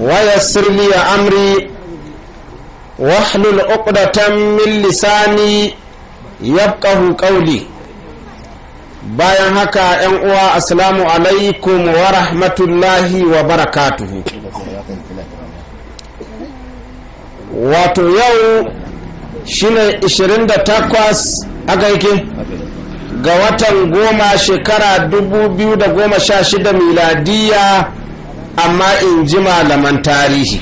ويسر لي أمري واحلل عقدة من لساني يفقه قولي bayan haka 'yan uwa assalamu alaikum wa rahmatullahi wa barakatuhu wato yau shine 28 aka yake ga watan goma shekara 2016 miladiya amma in ji malaman tarihi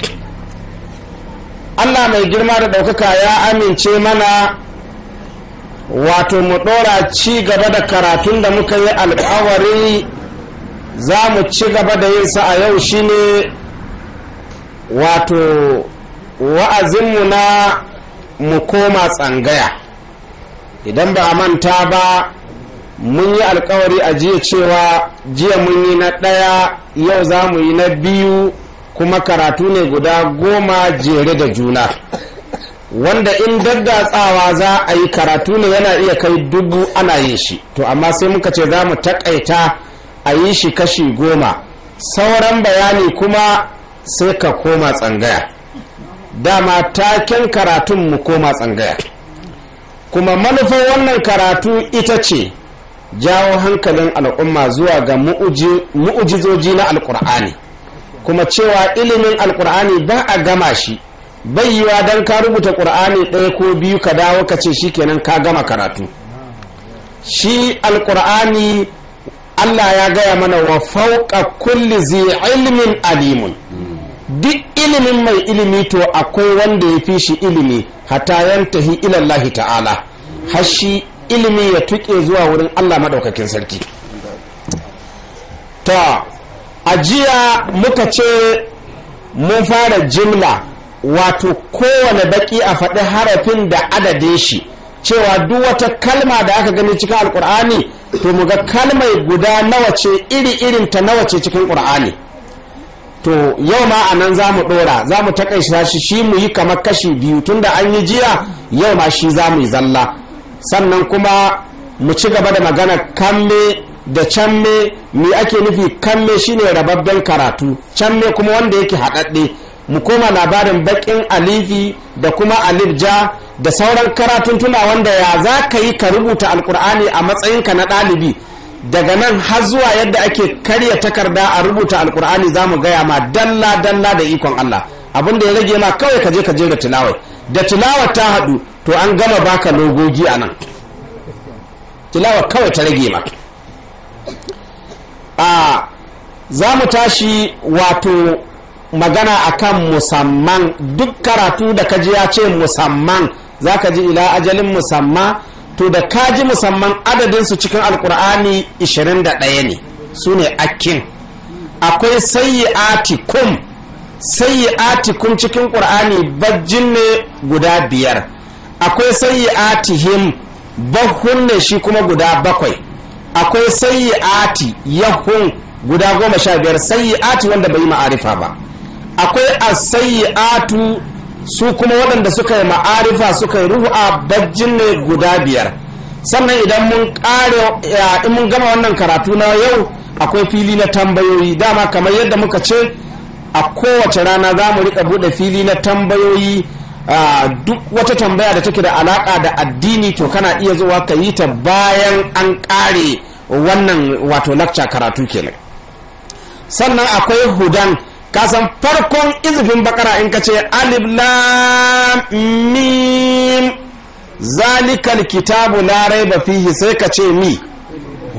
allah mai girma da ɗaukaka ya amince mana wato mu ɗora ci gaba da karatun da muka yi alkawari za mu ci gaba da yinsa a yau shine wato wa'azinmu na mu koma tsangaya idan ba a manta ba mun yi alkawari a jiya cewa jiya mun yi na ɗaya yau za mu yi na biyu kuma karatu ne guda goma jere da juna wanda in daddatsawa za a yi karatu ne yana iya kai dubu ana yin shi to amma sai muka ce za mu takaita a yi shi kashi goma sauran bayani kuma sai ka koma tsangaya dama taken karatun mu koma tsangaya kuma manufar wannan karatu ita ce jawo hankalin al'umma zuwa ga mu'ujizoji na alkur'ani kuma cewa ilimin alkur'ani ba a gama shi yiwa don ka rubuta kur'ani ɗaya ko biyu ka dawo ka ce shi kenan ka gama karatu shi alkur'ani allah ya gaya mana wa fauka kulli zai ilimin alimun duk ilimin mai ilimi to akwai wanda ya fi shi ilimi hata hi ilallahi ta'ala har shi ilimi ya tuƙe zuwa wurin allah maɗaukakin sarki ta ajiya muka ce mun fara jimla wato kowane baki a faɗi harafin da adadin shi cewa duk wata kalma da aka gani cikin alkur'ani to mu ga kalmai guda nawa ce iri irin ta nawa ce cikin ƙur'ani to yau ma a nan za mu ɗora za mu taƙaisa shi shi mu yi kamar kashi biyu tunda an yi jiya yau ma shi za mu yi zalla sannan kuma mu ci gaba da magana kamme da canme me ake nufi kamme shine rababben karatu canme kuma wanda yake haɗaɗɗe mu koma labarin baƙin alifi da kuma alifja da sauran karatun tuna wanda ya za ka yi ka rubuta alkur'ani a matsayinka na ɗalibi daga nan har zuwa yadda ake karya takarda a rubuta alkur'ani za mu gaya ma dalla dalla da ikon allah abinda ya rage ma kawai ka je ka je da tilawai da tilawar ta haɗu to an gama baka logogi a nan tilawa kawai ta rage ma. a za mu tashi wato magana akan musamman duk karatu da kaji ya ce musamman za ka ji ila ajalin musamman to da kaji musamman adadinsu cikin alkur'ani 21 ne su ne akin akwai sayi atikum sayi atikum cikin ƙur'ani bajin ne guda biyar akwai sayyi'atihim bahun ne shi kuma guda bakwai akwai sayyi'ati yahun guda goma sha biyar sayyi'ati wanda bai yi ma'arifa ba akwai a asayyi'atu su kuma waɗanda suka yi ma'arifa suka yi ruhu a bajin ne guda biyar sannan idan mun ƙare in mun gama wannan karatu na yau akwai fili na tambayoyi dama kamar yadda muka ce a kowace rana za mu riƙa buɗe fili na tambayoyi Ah, duk wata tambaya da take da alaka da addini to kana iya zuwa ka yi ta bayan an ƙare wannan wato lakca karatu kenan sannan akwai hudan kasan farkon izifin bakara in ka ce alif lam zalikal kitabu la raiba fihi sai ka ce mi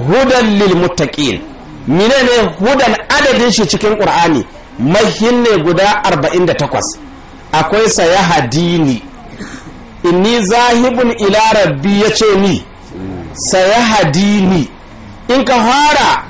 hudan lil muttaqin menene hudan adadin shi cikin qur'ani mahinne ne guda 48 akwai saya hadini inni zahibun ila ya ce ni saya hadini in ka fara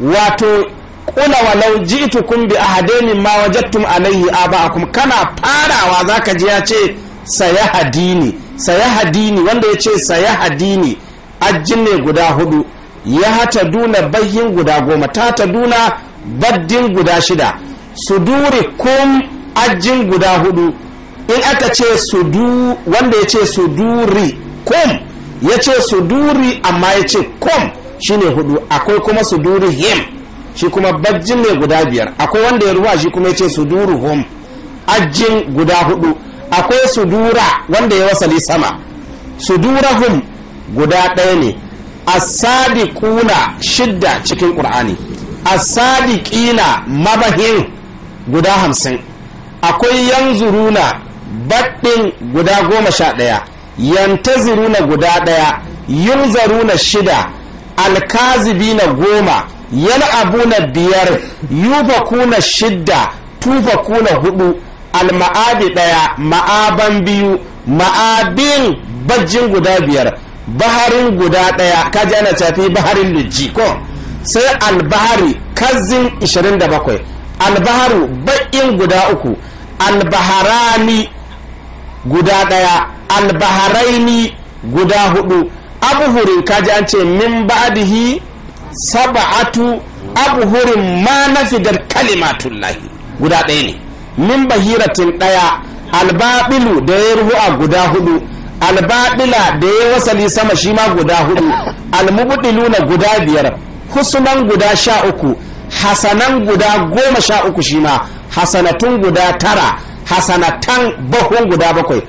wato kula walau itukun bi ahadainin ma wajadtum alayhi aba'akum kana farawa zaka ji ya ce saya hadini saya hadini wanda ya ce saya hadini ajin ne guda hudu ya hata duna bayyin guda goma ta ta duna baddin guda shida su duri kun. ajin guda hudu in aka ce sudu wanda ya ce suduri kum ya ce suduri amma ya ce kum shine hudu akwai kuma suduri him shi kuma bajin ne guda biyar akwai wanda ya ruwa shi kuma ya ce suduru hum ajin guda hudu akwai sudura wanda ya wasali sama sudurahum guda ɗaya ne kuna shidda cikin ƙur'ani asadiqina mabahin guda hamsin akwai yan zuruna baɗin guda goma sha ɗaya zuruna guda ɗaya zaruna shida alkazibi na goma abu na biyar shida shidda kuna hudu alma'abi ɗaya ma'aban biyu ma'abin bajjin guda biyar baharin guda ɗaya kaji ana tafi baharin luji ko sai albahari kazin 27 albaharu baƙin guda uku albaharani guda ɗaya albaharaini guda hudu abuhurin kaji an ce min ba'dihi sab'atu abuhurin ma nafidar kalimatullahi guda ɗaya ne min bahiratin ɗaya albabilu da ya ruhu a guda hudu albabila da ya wasali sama shi ma guda hudu na guda biyar husunan guda sha uku hasanan guda goma sha uku shi ma hasanatun guda tara hasanatan bahu guda bakwai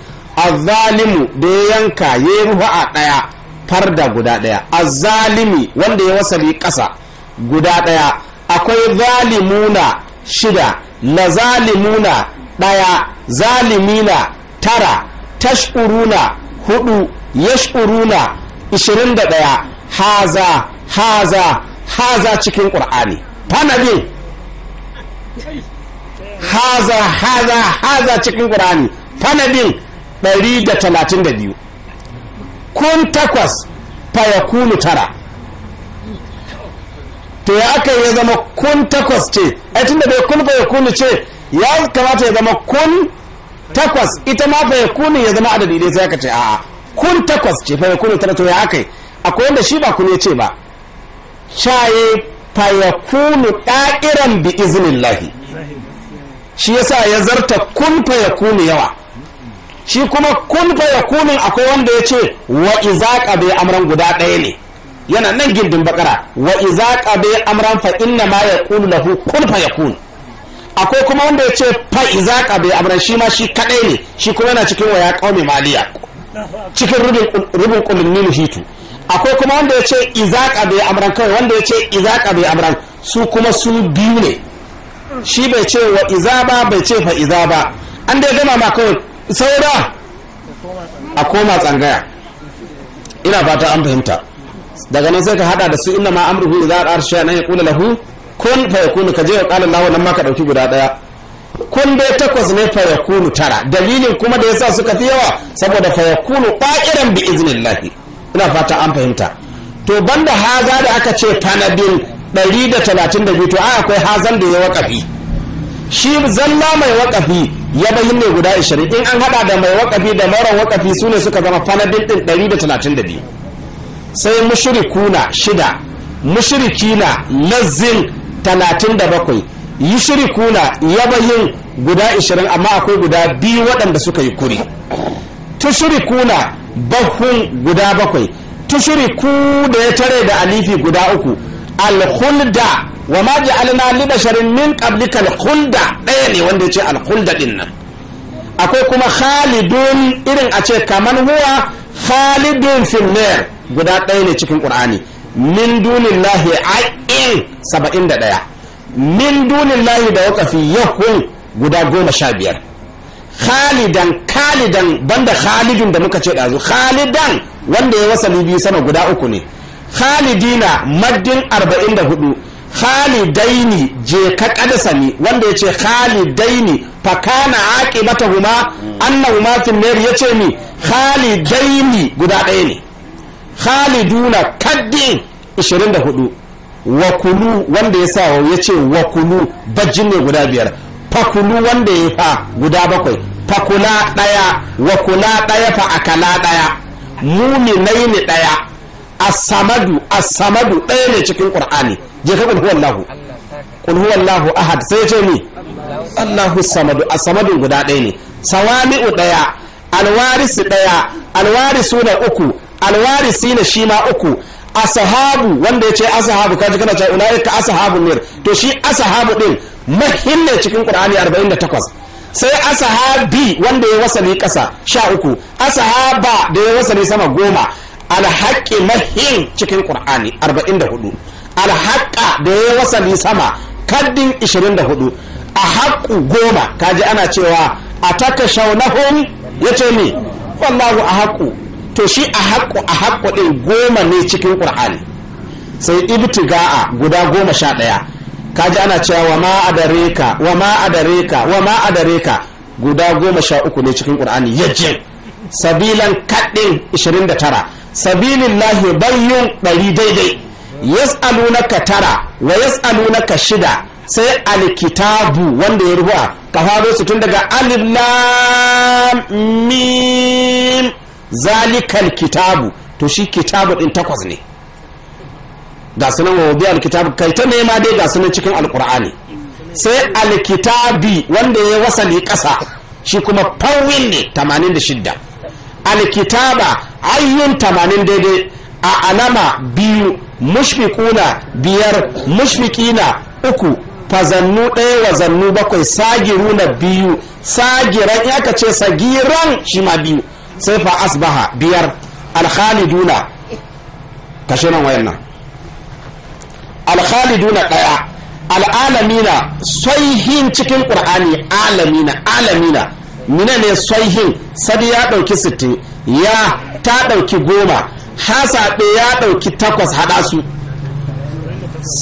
azalimu da ya yanka ya yi a ɗaya farda guda ɗaya azalimi wanda ya wasali ƙasa guda ɗaya akwai zalimuna shida la zalimuna ɗaya zalimina tara tash'uruna hudu yash'uruna ishirin da ɗaya haza haza haza cikin ƙur'ani fanabin haza haza haza cikin ƙur'ani sanadin 132 kun takwas fayakunu tara to ya aka ya zama kun takwas ce a da bai kun fayakunu ce ya kamata ya zama kun takwas ita ma fayakunu ya zama adadi ne sai aka ce a'a kun takwas ce fayakunu tara to ya aka yi akwai wanda shi ba kun ya ce ba shaye fayakunu ɗa'iran bi lahi shi yasa ya zarta kun fa kuni yawa shi kuma kun fa kunin akwai wanda ya ce wa izaqa bai amran guda ɗaya ne yana nan gindin bakara wa izaqa bai amran fa inna ma yaqulu lahu kun fa yakun akwai kuma wanda ya ce fa iza bai amran shi ma shi kadai ne shi kuma yana cikin waya qaumi maliya cikin rubin rubin kullin hitu akwai kuma wanda ya ce iza bai amran kawai wanda ya ce iza bai amran su kuma su biyu ne shi bai ce wa iza ba bai ce fa iza ba an dai gama ma kawai saura a koma tsangaya ina fata an fahimta daga nan sai ka hada da su inda ma amruhu idza a nan ya kula lahu kun fa ka kaje ya ƙalin lahu nan ma ka ɗauki guda ɗaya. kun dai takwas ne fa kunu tara dalilin kuma da yasa suka fi yawa saboda fa kunu qa'iran bi iznillahi ina fata an fahimta to banda haza da aka ce fanadin 132 to a akwai hazan da ya waƙafi shi zalla mai waƙafi ya bayin ne guda 20 in an haɗa da mai waƙafi da mara waƙafi su ne suka zama fanadin ɗin 132 sai mushirikuna shida mushrikina lazzin 37 shirikuna ya bayin guda 20 amma akwai guda biyu waɗanda suka yi kuri tushirikuna bahun guda bakwai ku da ya tare da alifi guda uku alhulda wa ma ja'alna li basharin min qablika alhulda ɗaya ne wanda ya ce alhulda din nan akwai kuma khalidun irin a ce kaman huwa khalidun fil guda ɗaya ne cikin qur'ani min dunillahi da 71 min dunillahi da waqafi yahun guda goma sha biyar khalidan khalidan banda khalidun da muka ce ɗazu khalidan wanda ya wasali biyu sama guda uku ne khalidina maddin 44 khalidaini je ka kadasani wanda ya ce khalidaini fakana aqibata huma annahuma fil nar yace ni khalidaini guda ɗaya ne khaliduna kaddi 24 wa wanda ya sa ya ce wa kulu bajin ne guda biyar fakulu wanda ya fa guda bakwai fakula ɗaya wa kula ɗaya fa akala ɗaya muminai ni ɗaya as-samadu as-samadu ɗaya ne cikin qur'ani je ka kulhu wallahu kulhu wallahu ahad sai ce ni allahu samadu as-samadu guda ɗaya ne sawami'u ɗaya alwarisi ɗaya alwarisu na uku alwarisi na shi ma uku asahabu wanda ya ce asahabu kaji kana cewa ulaika asahabu ne to shi asahabu ɗin mahimmin cikin qur'ani 48 sai asahabi wanda ya wasali kasa sha uku asahaba da ya wasali sama goma alhaƙi mahin cikin ƙur'ani 44 alhaƙa da ya wasali sama kaddin 24 a haƙu goma kaji ana cewa a taka shaunahun ya ce ne wallahu a haƙu to shi a haƙu a haƙu ɗin goma ne cikin ƙur'ani sai ibtiga'a guda goma sha ɗaya kaji ana cewa wa ma adareka wa ma adareka wa ma adareka guda goma sha uku ne cikin ƙur'ani je sabilan kaɗin 29 sabilin lahi bayyun ɗari daidai ka tara wa ka shida sai alkitabu wanda ya rubuwa ka faro su tun daga alif zalikan zalikal kitabu to shi kitabu din takwas ne ga sunan wa wabi alkitabu kai ta nema dai ga sunan cikin alkur'ani sai alkitabi wanda ya wasa wasali ƙasa shi kuma fawin ne 86 alkitaba ayyun tamanin daidai a alama biyu mushfikuna biyar mushfikina uku fazannu ɗaya wa zannu bakwai sagiru na biyu sagiran ya ka ce sagiran shi ma biyu sai fa asbaha biyar alkhaliduna kashe nan wayan nan alkhaliduna ɗaya al'alamina soihin cikin ƙur'ani alamina alamina mina ne soihin sadi ya ɗauki sittin ya ta ɗauki goma hasa ɗe ya ɗauki takwas haɗa su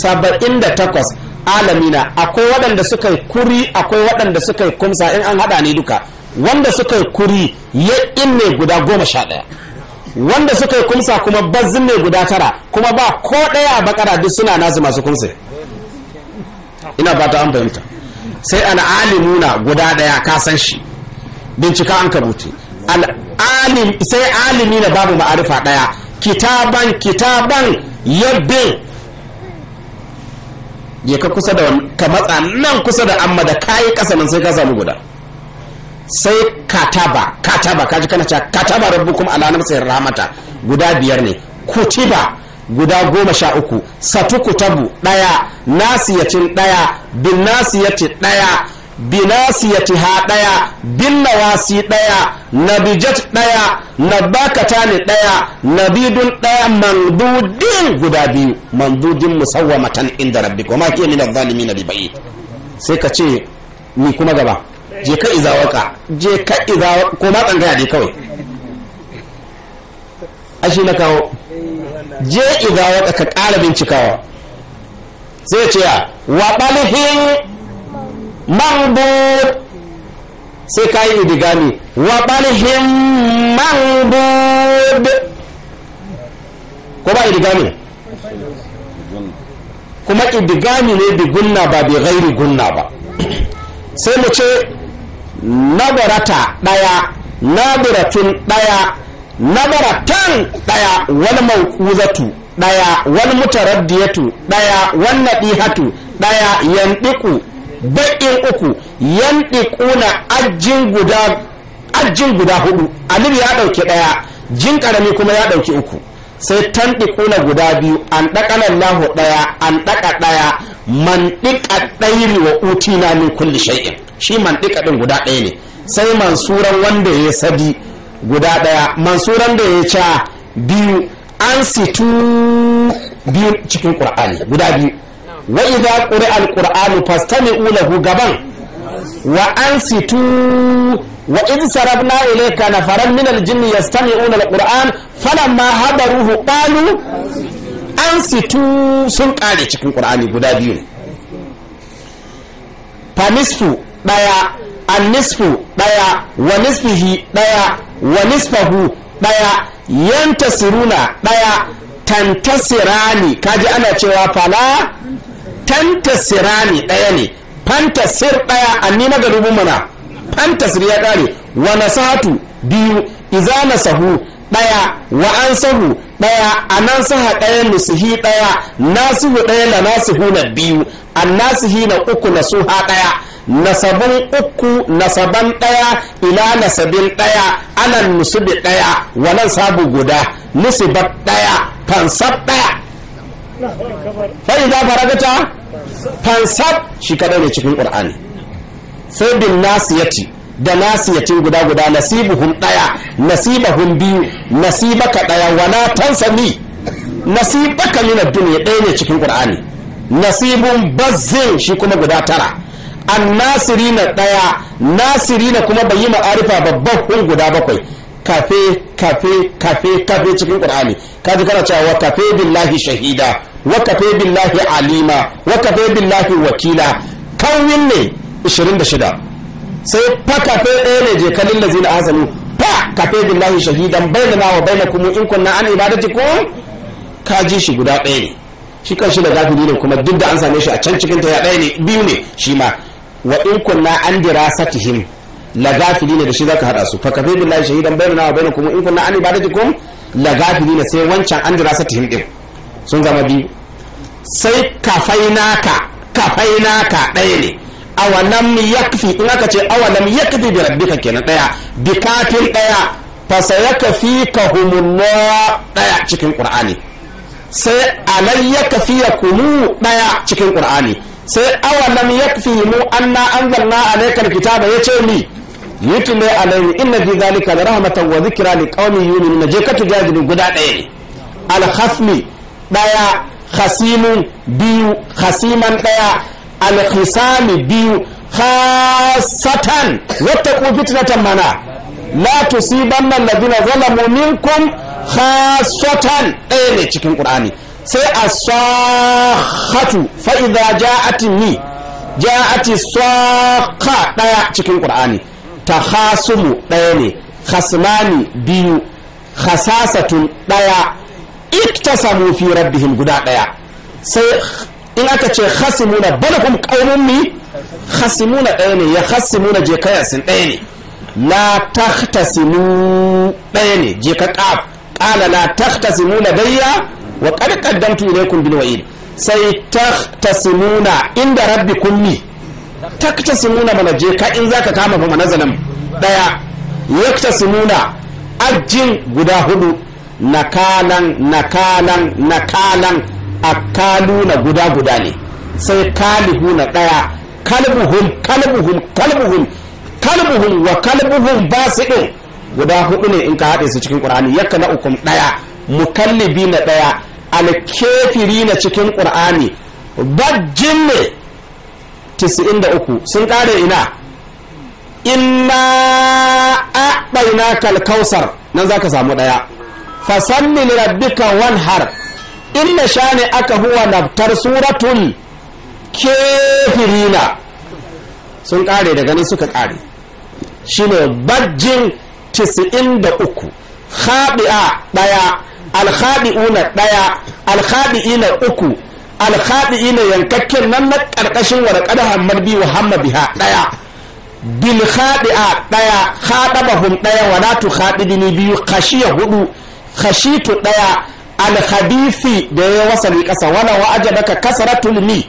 saba'in da takwas alamina akwai waɗanda suka yi kuri akwai waɗanda suka yi kumsa in an haɗa ne duka wanda suka yi kuri ya ne guda goma sha ɗaya wanda suka yi kumsa kuma bazin ne guda tara kuma ba ko ɗaya a bakara duk suna nasu masu kumsa ina ba ta an fahimta sai alimuna guda ɗaya ka san shi bincika an ka sai alimi na babu ma'arifa daya kitaban kitaban yabbin ya ka kusa da ka matsa nan kusa da amma da kayi kasa nan sai ka samu guda sai kataba kataba kaji kana cewa kataba rabbukum ala nafsihi rahmata guda biyar ne kutiba guda goma sha uku satu kutabu ɗaya nasiyacin ɗaya bin nasiyati ɗaya binasiyati ha ɗaya bin nawasi ɗaya nabijat ɗaya nabakatani ɗaya nabidun ɗaya mandudin guda biyu mandudin musawwamatan inda rabbi kuma ke min adh na bibai sai ka ce ni kuma gaba je ka izawaka je ka izawaka ko ma tsangaya ne kawai shi na kawo je izawaka ka ƙara bincikawa sai ce ya wa ɓalihin manbut sai ka yi idigami wa balhin manbud ko ba idigami kuma idigami ne bi gunna ba bi gairi gunna ba sai mu ce nabarata daya nabaratun daya nabaratan daya wani mawuzatu daya wani mutaraddiyatu daya wani nadihatu daya yandiku baƙin uku yanɗiƙuna ƙuna ajin guda hudu alif ya ɗauki ɗaya jin ƙarami kuma ya ɗauki uku sai ƙuna guda biyu an ɗaka lallahu ɗaya an ɗaka ɗaya man ɗiƙa ɗairi wa na min kulli shay'in shi man ɗiƙa ɗin guda ɗaya ne sai mansuran wanda ya sadi guda ɗaya mansuran da ya ca biyu an situ biyu cikin ƙur'ani guda biyu wa idza quri'a alqur'anu fastami'u ulahu gaban wa ansitu wa idh sarabna ilayka nafaran min aljinni yastami'una alqur'an falamma hadaruhu qalu ansitu sun kare cikin qur'ani guda biyu ne ɗaya daya nisfu daya wa nisfihi daya wa nisfahu daya yantasiruna daya tantasirani kaji ana cewa fala ne ɗaya ne fantasir ɗaya anni ga garubu mana fantasir ya ƙare wa nasahatu biyu iza nasahu ɗaya wa an sahu ɗaya a nan saha ɗaya nusuhi ɗaya nasihu ɗaya na nasihu na biyu an nasihi na uku na suha ɗaya nasabin uku nasaban ɗaya ila nasabin ɗaya anan nusubi ɗaya wa nan sabu guda nusubat ɗaya fansab ɗaya fa'i za gata? fansab shi kadai ne cikin ƙur'ani sai bin nasiyati da nasiyatin guda guda nasibuhum ɗaya nasibahum biyu nasibaka ɗaya wala tansani nasibaka min ad ɗaya ne cikin ƙur'ani nasibun bazin shi kuma guda tara an nasirina ɗaya na kuma bai yi ma'arifa babban hun guda bakwai kafe kafe kafe kafe cikin qur'ani kaji kana cewa wa kafe billahi shahida wa kafe billahi alima wa kafe billahi wakila kawin ne 26 sai fa kafe ɗaya ne je kalin lazina hasanu fa kafe billahi shahidan bainana wa bainakum in kunna an ibadatikum kaji shi guda ɗaya ne shi kanshi da gafiri ne kuma duk da an same shi a can cikin ta ya ɗaya ne biyu ne shi ma wa in kunna an dirasatihim lagafilina da shi zaka hada su fa kafi billahi shahidan bainana wa bainakum in kunna an ibadatikum lagafilina sai wancan an jira satihim din sun zama biyu sai kafainaka kafainaka ɗaya ne awalam yakfi in aka ce awalam yakfi bi rabbika kenan ɗaya bi kafin ɗaya fa sayakfikahumullah ɗaya cikin qur'ani sai yakfi yakfiyakumu ɗaya cikin qur'ani sai awalam yakfi mu anna anzalna alaykal kitaba yace ni yutu mai alayhi inna fi zalika da rahmatan wa zikira li qaumin yu'minuna je ka guda ɗaya al khasmi ɗaya khasimun biyu khasiman daya al khisami biyu khasatan wattaqu fitnatan mana la tusibanna alladhina zalamu minkum khasatan ɗaya ne cikin qur'ani sai as-sakhatu fa idza ja'atni ja'ati sakha daya cikin qur'ani mu ɗaya ne hasmani biyu hasasatun ɗaya samu fi rabbihim guda ɗaya sai in aka ce khasimuna balhum ƙaunin mi khasimuna ɗaya ne ya khasimuna je kaya sun ɗaya ne la tahtasimu ɗaya ne je ka ƙaf ƙala la tahtasimu bayya wa qad qaddamtu ilaykum bil wa'id sai tahtasimuna inda rabbikum mi taktasimuna mana je ka in zaka kama fa manazalam daya sununa ajin guda hudu nakalan nakalan nakalan akaluna guda guda ne sai kalihuna daya kalbuhum kalbuhum kalbuhum kalbuhum wa kalbuhum ɗin guda hudu ne in ka haɗe su cikin ƙur'ani yakka na ukun daya mukallibi na ɗaya alkefiri na cikin ƙur'ani bajjin ne 93 sun ƙare ina inna a'ɗaina kalkausar nan za ka samu ɗaya fasalli rabbika wanhar inna ne aka huwa naftar suratun kefirina sun ƙare da gani suka ƙare ne bajjin 93 khabi'a ɗaya alhaɗi'una ɗaya alhaɗi'ina uku alhaɗi'ina yankakken nan na ƙarƙashin warƙar hamar biyu hamma biha ɗaya bil ɗaya daya khadabahum daya wala tu khadibni biyu khashiya hudu khashitu daya al hadisi da ya wasali kasa wala wa ajabaka kasratul mi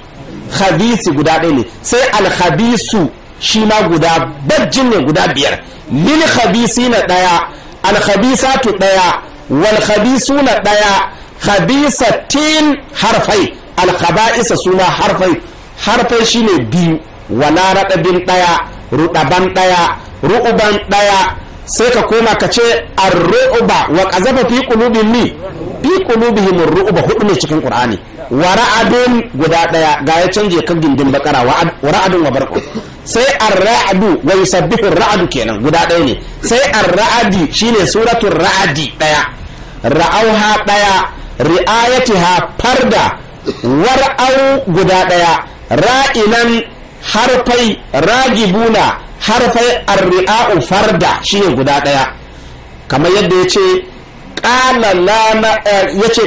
khabisi guda ɗaya ne sai al hadisu shi ma guda bajjin ne guda biyar lil na daya al hadisatu daya wal na daya hadisatin harfai al suna harfai harfai shine biyu wala raɗaɗin ɗaya ruɗaban ɗaya ru'uban ɗaya sai ka koma ka ce ar-ru'ba wa qazafa fi qulubi ni fi qulubihim ar-ru'ba hudu ne cikin qur'ani wa ra'adun guda daya ga ya canje kan gindin bakara wa ra'adun wa barku sai ar-ra'du wa yusabbihu ar kenan guda daya ne sai ar-ra'di shine suratul ra'di daya ra'auha daya ri'ayatiha farda war'au guda daya ra'inan harfai ragibuna harfai arri'a'u farda shine guda ɗaya kamar yadda ya ce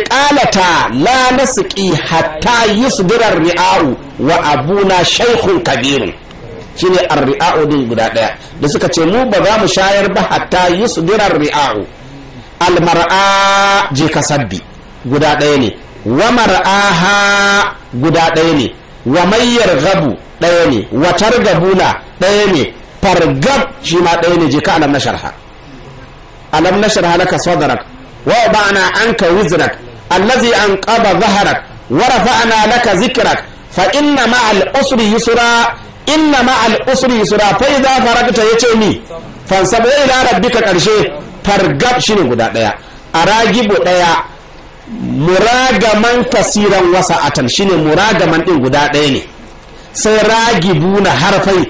ƙalata la eh, nasiki hatta yusdirar arri'a'u wa abuna shaikhun kabirun shine arri'a'u din guda ɗaya da suka ce mu ba za mu shayar ba hatta yusdirar arri'a'u almar'a je ka sabbi guda ɗaya ne wa mar'aha guda ɗaya ne wa mayyar gabu ɗaya ne watar da bula ɗaya ne fargab shi ma ɗaya ne je alam na sharha alam na sharha laka sadarak wa ba'ana anka wizrak allazi anqaba wara wa ana laka zikrak fa inna ma'al usri yusra inna ma'al usri yusra fa idza farakta yace ni fansabu ila rabbika karshe fargab shine guda ɗaya aragibu ɗaya muragaman kasiran wasa'atan shine muragaman ɗin guda ɗaya ne sai ragibu na harfai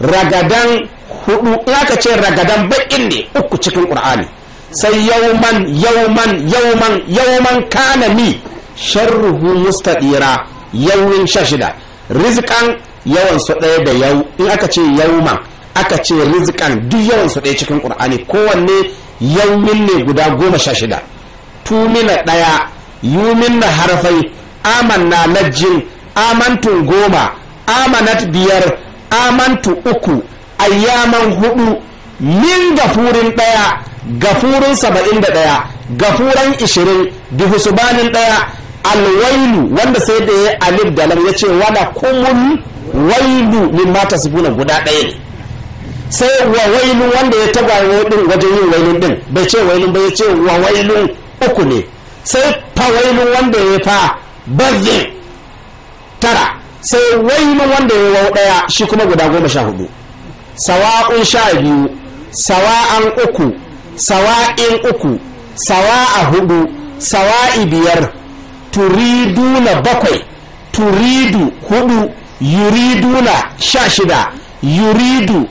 ragadan hudu in aka ce ragadan baƙin ne uku cikin ƙur'ani sai yauman yauman yauman yauman kana ni sharruhu mustadira yawin sha shida rizikan yawan su ɗaya da yau in aka ce yauman aka ce rizikan duk yawan su ɗaya cikin ƙur'ani kowanne yaumin ne guda goma sha shida tumina ɗaya yumin na harfai amanna na jin amantun goma amanat biyar amantu uku ayyaman hudu min gafurin ga gafurin saba'in da ɗaya gafuran ishirin bihusubanin daya alwailu wanda sai da ya alif da ya ce wada kumun wailu min mata sifuna guda ɗaya ne sai wa wailu wanda ya taba din wajen yin wailun din bai ce wailun ba ya ce wa wailun uku ne sai fa wailun wanda ya fa bazin tara sai wai wailun wanda ya wau daya shi kuma guda goma sha hudu sawa'un sha biyu sawa'an uku sawa'in uku sawa'a hudu sawa'i biyar turidu na bakwai turidu hudu yuriduna sha shida yuridu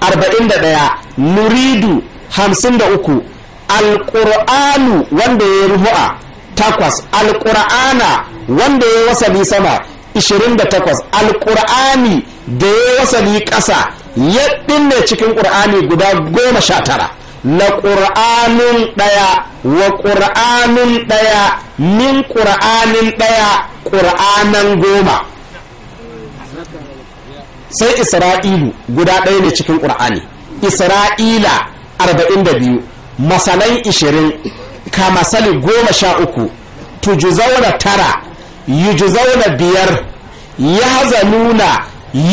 arba'in da daya nuridu hamsin da uku alƙur'anu wanda ya yi ruhu'a takwas alƙur'ana wanda ya yi wasali sama 28 alƙur'ani da ya wasali ƙasa ya ɗinne cikin ƙur'ani guda goma sha tara la ƙur'anun ɗaya wa ƙur'anun ɗaya min ƙur'anin ɗaya ƙur'anan goma sai isra'ilu guda ɗaya ne cikin ƙur'ani isra'ila 42 masalai 20 ka masali goma sha uku tujuzaura tara yujzauna biyar ya yahzanuna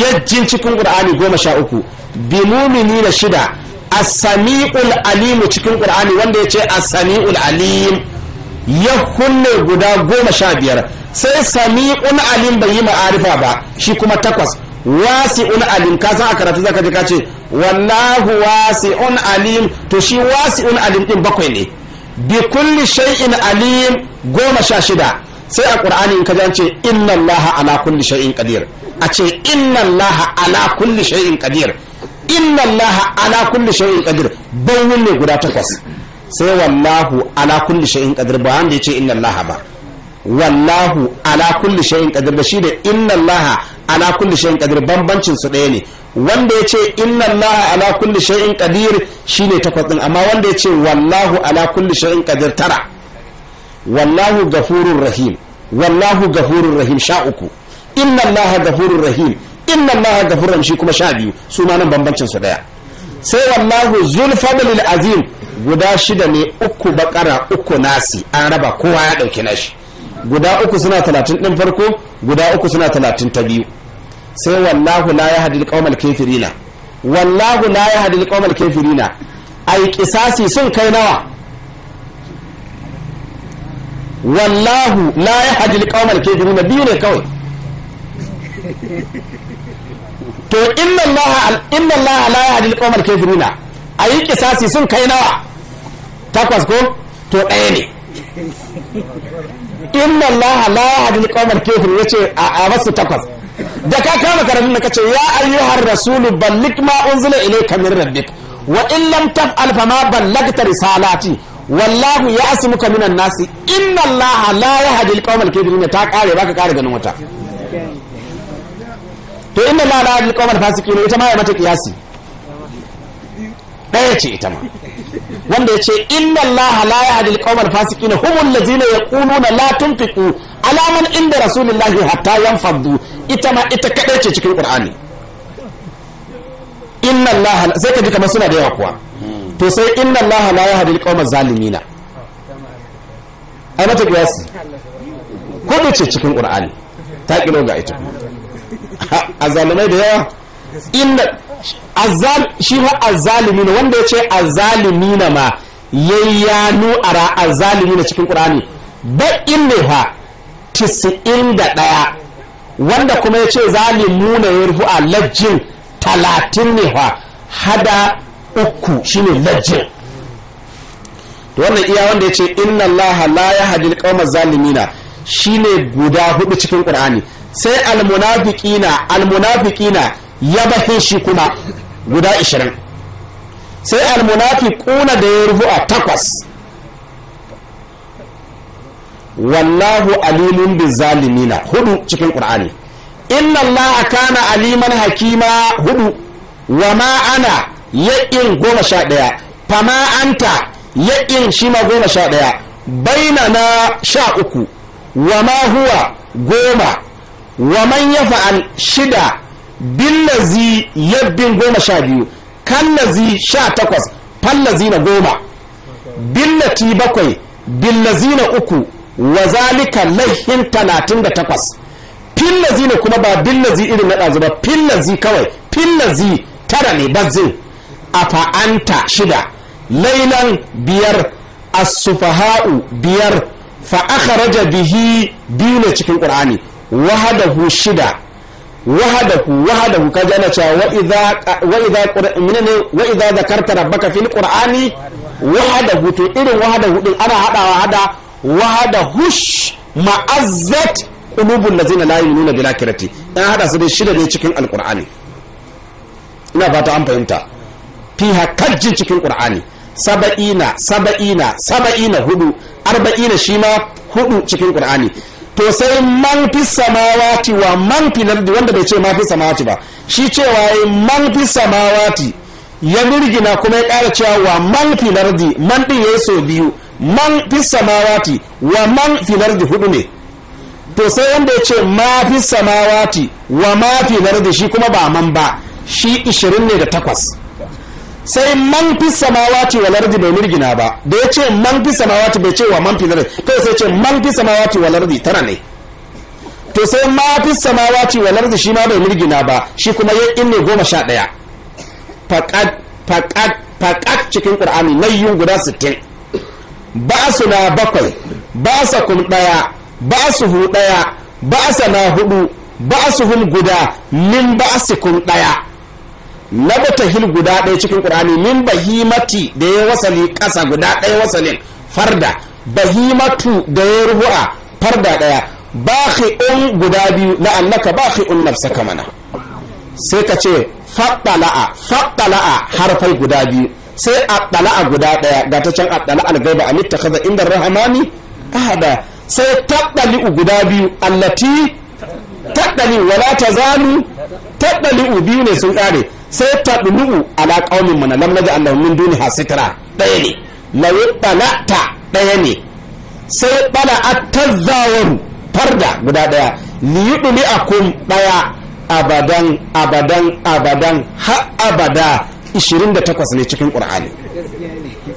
yajjin cikin qur'ani goma sha uku bi na shida as alimu cikin qur'ani wanda ya ce samiul alim ya kunne guda goma sha biyar sai sami'un alim bai yi ma'arifa ba shi kuma takwas wasi'un alim ka san a karatu zaka ji ka ce wallahu wasi'un alim to shi wasi'un alim din bakwai ne bi kulli shay'in alim goma sha shida sai a ƙur'ani in ka ji an ce inna allaha ala kulli shay'in qadir a ce inna allaha ala kulli shay'in qadir inna allaha ala kulli shay'in qadir bawun ne guda takwas sai wallahu ala kulli shay'in qadir ba wanda yace inna allaha ba wallahu ala kulli shay'in qadir da shi da inna allaha ala kulli shay'in qadir bambancin su ɗaya ne wanda ce inna allaha ala kulli shay'in qadir shine takwas din amma wanda ya ce, wallahu ala kulli shay'in qadir tara wallahu gafurur rahim wallahu gafurur rahim sha uku inna allaha gafurur rahim inna allaha gafurur rahim kuma sha biyu su nan bambancin su daya sai wallahu zul fadlil azim guda shida ne uku bakara uku nasi an kowa ya dauki nashi guda uku suna talatin din farko guda uku suna talatin ta biyu sai wallahu la yahdi alqawmal kafirina wallahu la yahdi alqawmal kafirina ai kisasi sun kai nawa wallahu la ya hajjil ke kefiru na biyu ne kawai to inna allaha la ya hajjil ke kefiru na a yi kisasi sun kai nawa takwas ko to ɗaya ne inna laha la ya hajjil ke kefiru ya ce a masu takwas da ka kama karamin da kace ya ayyuhar rasulu ballik ma unzila ilayka min rabbik wa in lam taf'al fama ballagta risalati wallahu ya muka minan nasi inna allaha la ya yahdi alqawmal kafirin ta kare baka kare ganin wata to inna allaha la ya yahdi alqawmal fasiqin ita ma ya mata kiyasi daya ce ita ma wanda ya ce inna allaha la ya yahdi alqawmal da humul ya yaquluna la tunfiqu ala man inda rasulillahi hatta yanfaddu ita ma ita kadai ce cikin qur'ani inna allaha sai ka ji kamar suna da yawa kuwa to sai inna Allah la yahdi al-qawma zalimina ai mata kiyasi ko ce cikin qur'ani ta kilo ga ita azalimai da yawa inna azal shi ma azalimina wanda ya ce azalimina ma yayyanu ara azalimina cikin qur'ani baƙin ne fa tisa'in da daya wanda kuma ya ce yarfu alajjin ya a talatin ne fa hada uku shine lajin to wannan iya wanda ya ce inna allaha la yahdil qawma zalimina shine guda hudu cikin qur'ani sai almunafiqina almunafiqina ya bahe shi kuma guda 20 sai almunafiquna da ya a takwas wallahu alimun bizalimina hudu cikin qur'ani inna allaha kana aliman hakima hudu wa ma ana yaƙin goma sha ɗaya fama anta yaƙin shi ma goma sha ɗaya baina na sha uku wa ma huwa goma wa man ya fa'al shida billazi yabbin goma sha biyu kallazi sha takwas fallazi na goma billati bakwai billazi na uku wa zalika laihin talatin da takwas fillazi ne kuma ba billazi irin na ɗazu ba fillazi kawai fillazi tara ne bazin a fa'anta shida lailan biyar asufaha'u biyar fa'akharaja bihi biyu ne cikin qur'ani wahadahu shida wahadahu wahadahu kaji ana cewa wa idza zakarta rabbaka fil qur'ani wahadahu to irin wahadahu din ana hadawa hada wahadahu ma'azzat qulubul ladzina zina yu'minuna nuna kirati ɗan haɗa su da shida ne cikin alƙur'ani ina fata an fahimta fiha kajjin cikin qur'ani saba'ina saba'ina saba'ina hudu arba'ina shi ma hudu cikin qur'ani to sai man fi samawati wa man fi lardi wanda bai ce ma fi samawati ba shi cewa yayi man fi samawati ya murgina kuma ya ƙara cewa wa man fi lardi man din yayi so biyu man fi samawati wa man fi lardi hudu ne to sai wanda ya ce ma fi samawati wa ma fi lardi shi kuma ba man ba shi 28 ne da takwas sai man fi samawati wal ardi bai mirgina ba da ya ce man fi samawati bai ce wa man fi ardi kai sai ce man fi samawati wal ardi tara ne to sai ma fi samawati wal ardi shi ma bai mirgina ba shi kuma ya inne goma sha ɗaya faƙat cikin qur'ani nayyun guda sittin ba su na bakwai ba su kun ɗaya ba su hu ɗaya ba su na hudu ba su hun guda min ba su kun ɗaya na hil guda ɗaya cikin ƙur'ani min bahimati da ya wasali ƙasa guda ɗaya wasalin farda bahimatu da ya ruhu'a farda ɗaya un guda biyu ba un nafsaka mana sai ka ce faɗɗala'a faɗɗala'a harfai guda biyu sai aɗala'a guda ɗaya ga ta can aɗala'a al-gaiba mita kaza inda rahamani ahada sai taɗɗali'u guda biyu allati taɗali wala ta zalu taɗali ubi ne sun ƙare sai u ala ƙaunin mana lam da annahu min duni sitara. ɗaya ne lawi ta ɗaya ne sai ɓala a tazzawaru farda guda ɗaya a akum ɗaya abadan abadan abadan ha abada 28 ne cikin ƙur'ani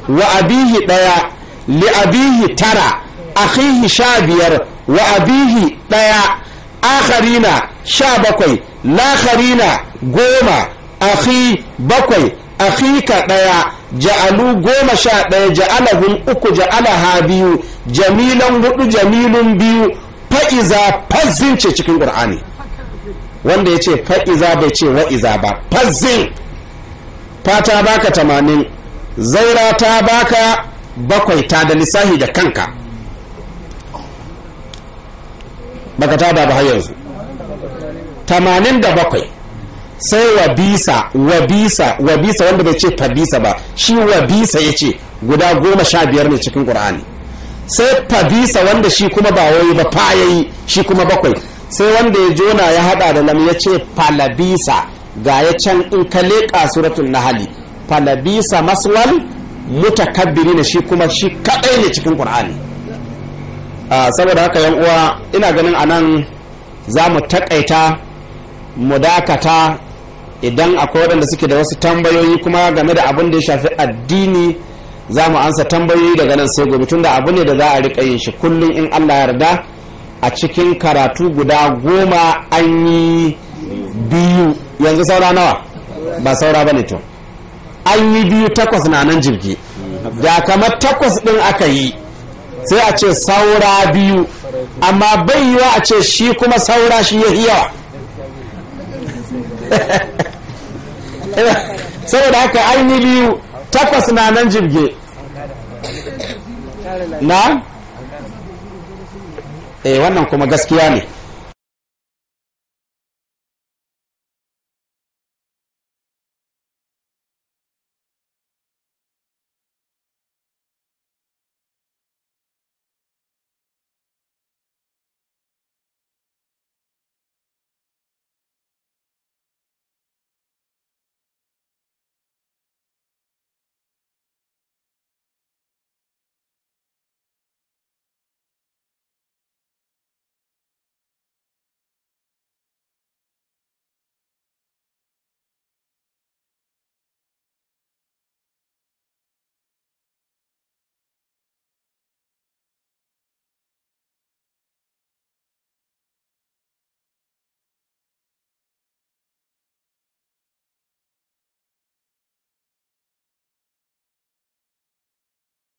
wa abihi ɗaya li abihi tara akhihi sha biyar wa abihi ɗaya akharina sha bakwai lakharina goma akhi bakwai akhika ɗaya ja'alu goma sha ɗaya ja'alahun uku ja'alaha biyu jamilan hudu jamilun biyu fa'iza fazzin ce cikin ƙur'ani wanda ya ce fa'iza bai ce wa'iza ba fazzin fata baka tamanin zaura ta baka bakwai ta da lissahi da kanka baka tada ba har yanzu 87 sai wabisa wabisa wabisa wanda bai ce fabisa ba shi wabisa ya ce guda goma sha biyar ne cikin ƙur'ani sai fabisa wanda shi kuma ba wai ba fayayi shi kuma bakwai sai wanda ya jona ya hada da lam ya ce falabisa ga ya can in ka leƙa suratul nahali falabisa maswal na shi kuma shi kadai ne cikin ƙur'ani Ah, saboda haka yan uwa ina ganin anan za mu takaita mu dakata idan akwai waɗanda suke da wasu tambayoyi kuma game da abin da ya shafi addini za mu ansa tambayoyi daga nan sai gobe tunda abu ne da za a riƙa yin shi kullum in allah yarda a cikin karatu guda goma an yi biyu yanzu saura nawa ba saura ba ne to an yi biyu takwas na nan jirgi da kamar takwas ɗin aka yi sai a ce saura biyu amma bai yiwa a ce shi kuma saura shi ya yawa saboda haka aini biyu takwas na nan jirge na? eh wannan kuma gaskiya ne